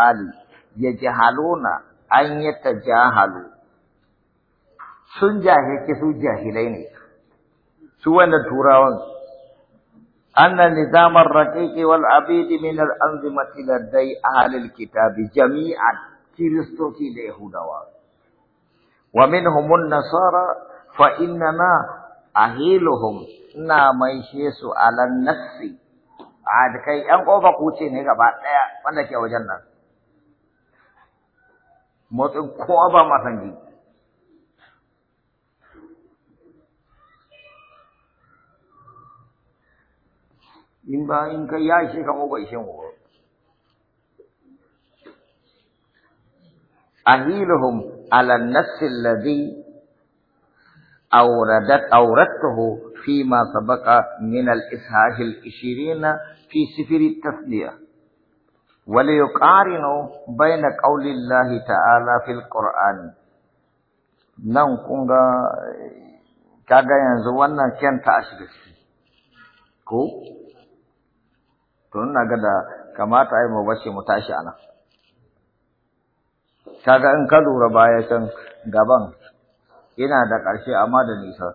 su'ali yajhaluna an jahalu sun jahilke su jahilai ne su wannan turawan anna nizamar raqiqi wal abidi min al anzimati ladai ahli kitabi jami'an kiristoci da yahudawa wa minhum an nasara fa innama ahiluhum na maishe su alan nafsi a kai yan kofa kuce ne gaba ɗaya wanda ke wajen nan motsin كوبا ما ma san با in ba in kai ya ishe أهيلهم على النفس الذي أوردت أوردته فيما سبق من الإسهاج الإشيرين في سفر التثنيه وليقارنوا بين قول الله تعالى في القرآن nan kun ga kaga yanzu wannan kyan ta shiga ciki ko to ina ga da kamata ai mu bace mu tashi ana kaga in ka lura baya can gaban Ina da ƙarshe amma da nisa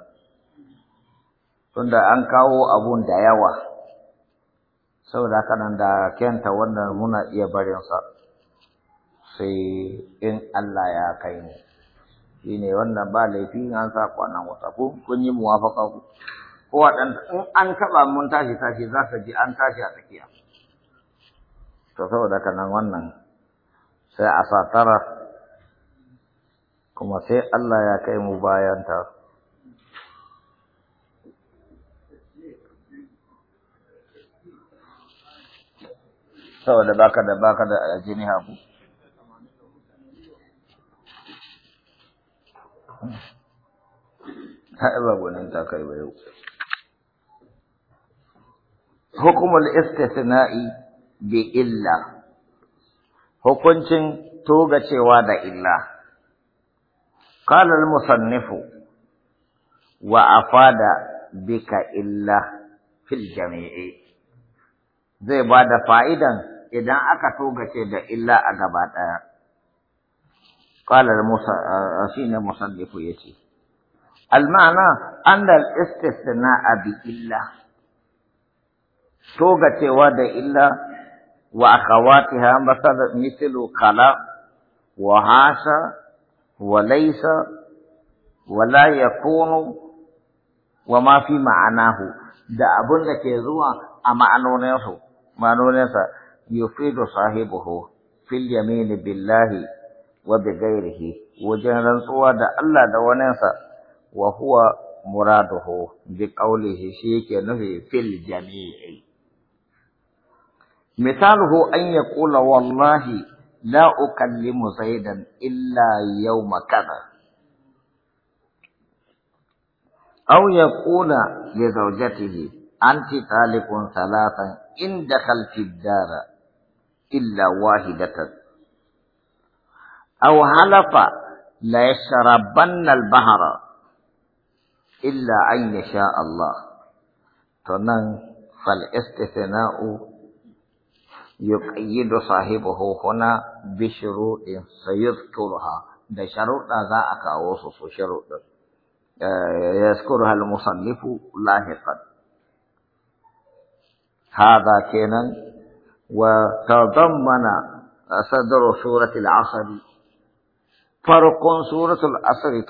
tunda an kawo abun da yawa saboda haka nan da kenta wannan muna iya barinsa sai in Allah ya kai mu shi ne wannan ba laifi an sa kwanan wata ko kun yi muwafaka ku ko waɗanda in an taɓa mun tashi tashi za ka ji an tashi a tsakiya to saboda haka nan wannan sai a sa tara kuma sai Allah ya kai mu bayan ta saboda baka da baka da aljini haku ba gwanin ta kai ba yau hukumul istisna'i bi illa hukuncin toga cewa da illa qala al musannifu wa afada bika illa fil jami'i zai bada fa'idan idan aka togace da illa a gaba ɗaya Ƙwalar musa eh, shi ne musallifu ya ce almana an da istisna a illa togacewa da illa wa akhawatiha masal misilu kala wa hasa wa laisa wa laye kono wa mafi ma'anahu da abun da ke zuwa a ma'anoninsu ma'anoninsa يفيد صاحبه في اليمين بالله وبغيره وجهلا صواد الله دا وهو مراده بقوله شيك نهي في الجميع مثاله أن يقول والله لا أكلم زيدا إلا يوم كذا أو يقول لزوجته أنت طالق ثلاثا إن دخلت الدار إلا واحدة أو هلف يشربن البحر إلا أن يشاء الله تنن فالاستثناء يقيد صاحبه هنا بشروط سيذكرها بشروط ذاك وصف شروط آه، يذكرها المصنف لاحقا هذا كان وتضمن صدر سورة العصر فرق سورة العصر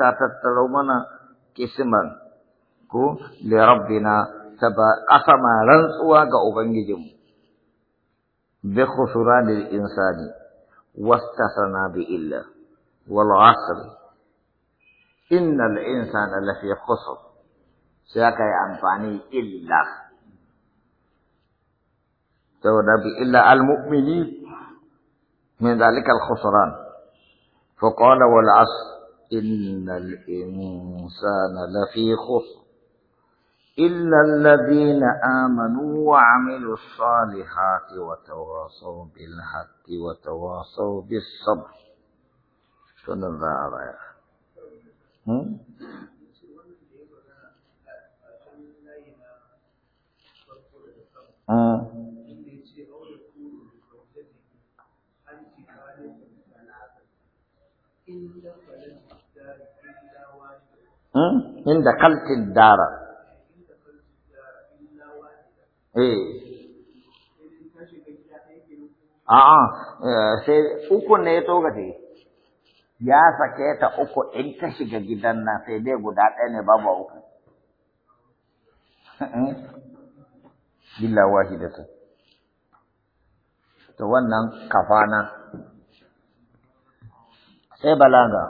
كسما كو لربنا تبا أسما لنسوا كأبنجم بخسران الإنسان واستثنى بإلا والعصر إن الإنسان لفي خسر سيكا ينفعني إلا saboda bi illa al-mu'mini min zalika al-khusran fa qala wal asr innal insana lafi khusr إلا الذين آمنوا وعملوا الصالحات وتواصوا بالحق وتواصوا بالصبر شنو الرأي Hmm. Hmm? in da kaltin dara eh. eh sai uku ne ya ya sake ta uku in ta shiga gidan na sai dai guda ɗaya ne babu uku hmm? illa wahidatu to wannan kafana sai eh, balaga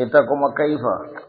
ita kuma kaifa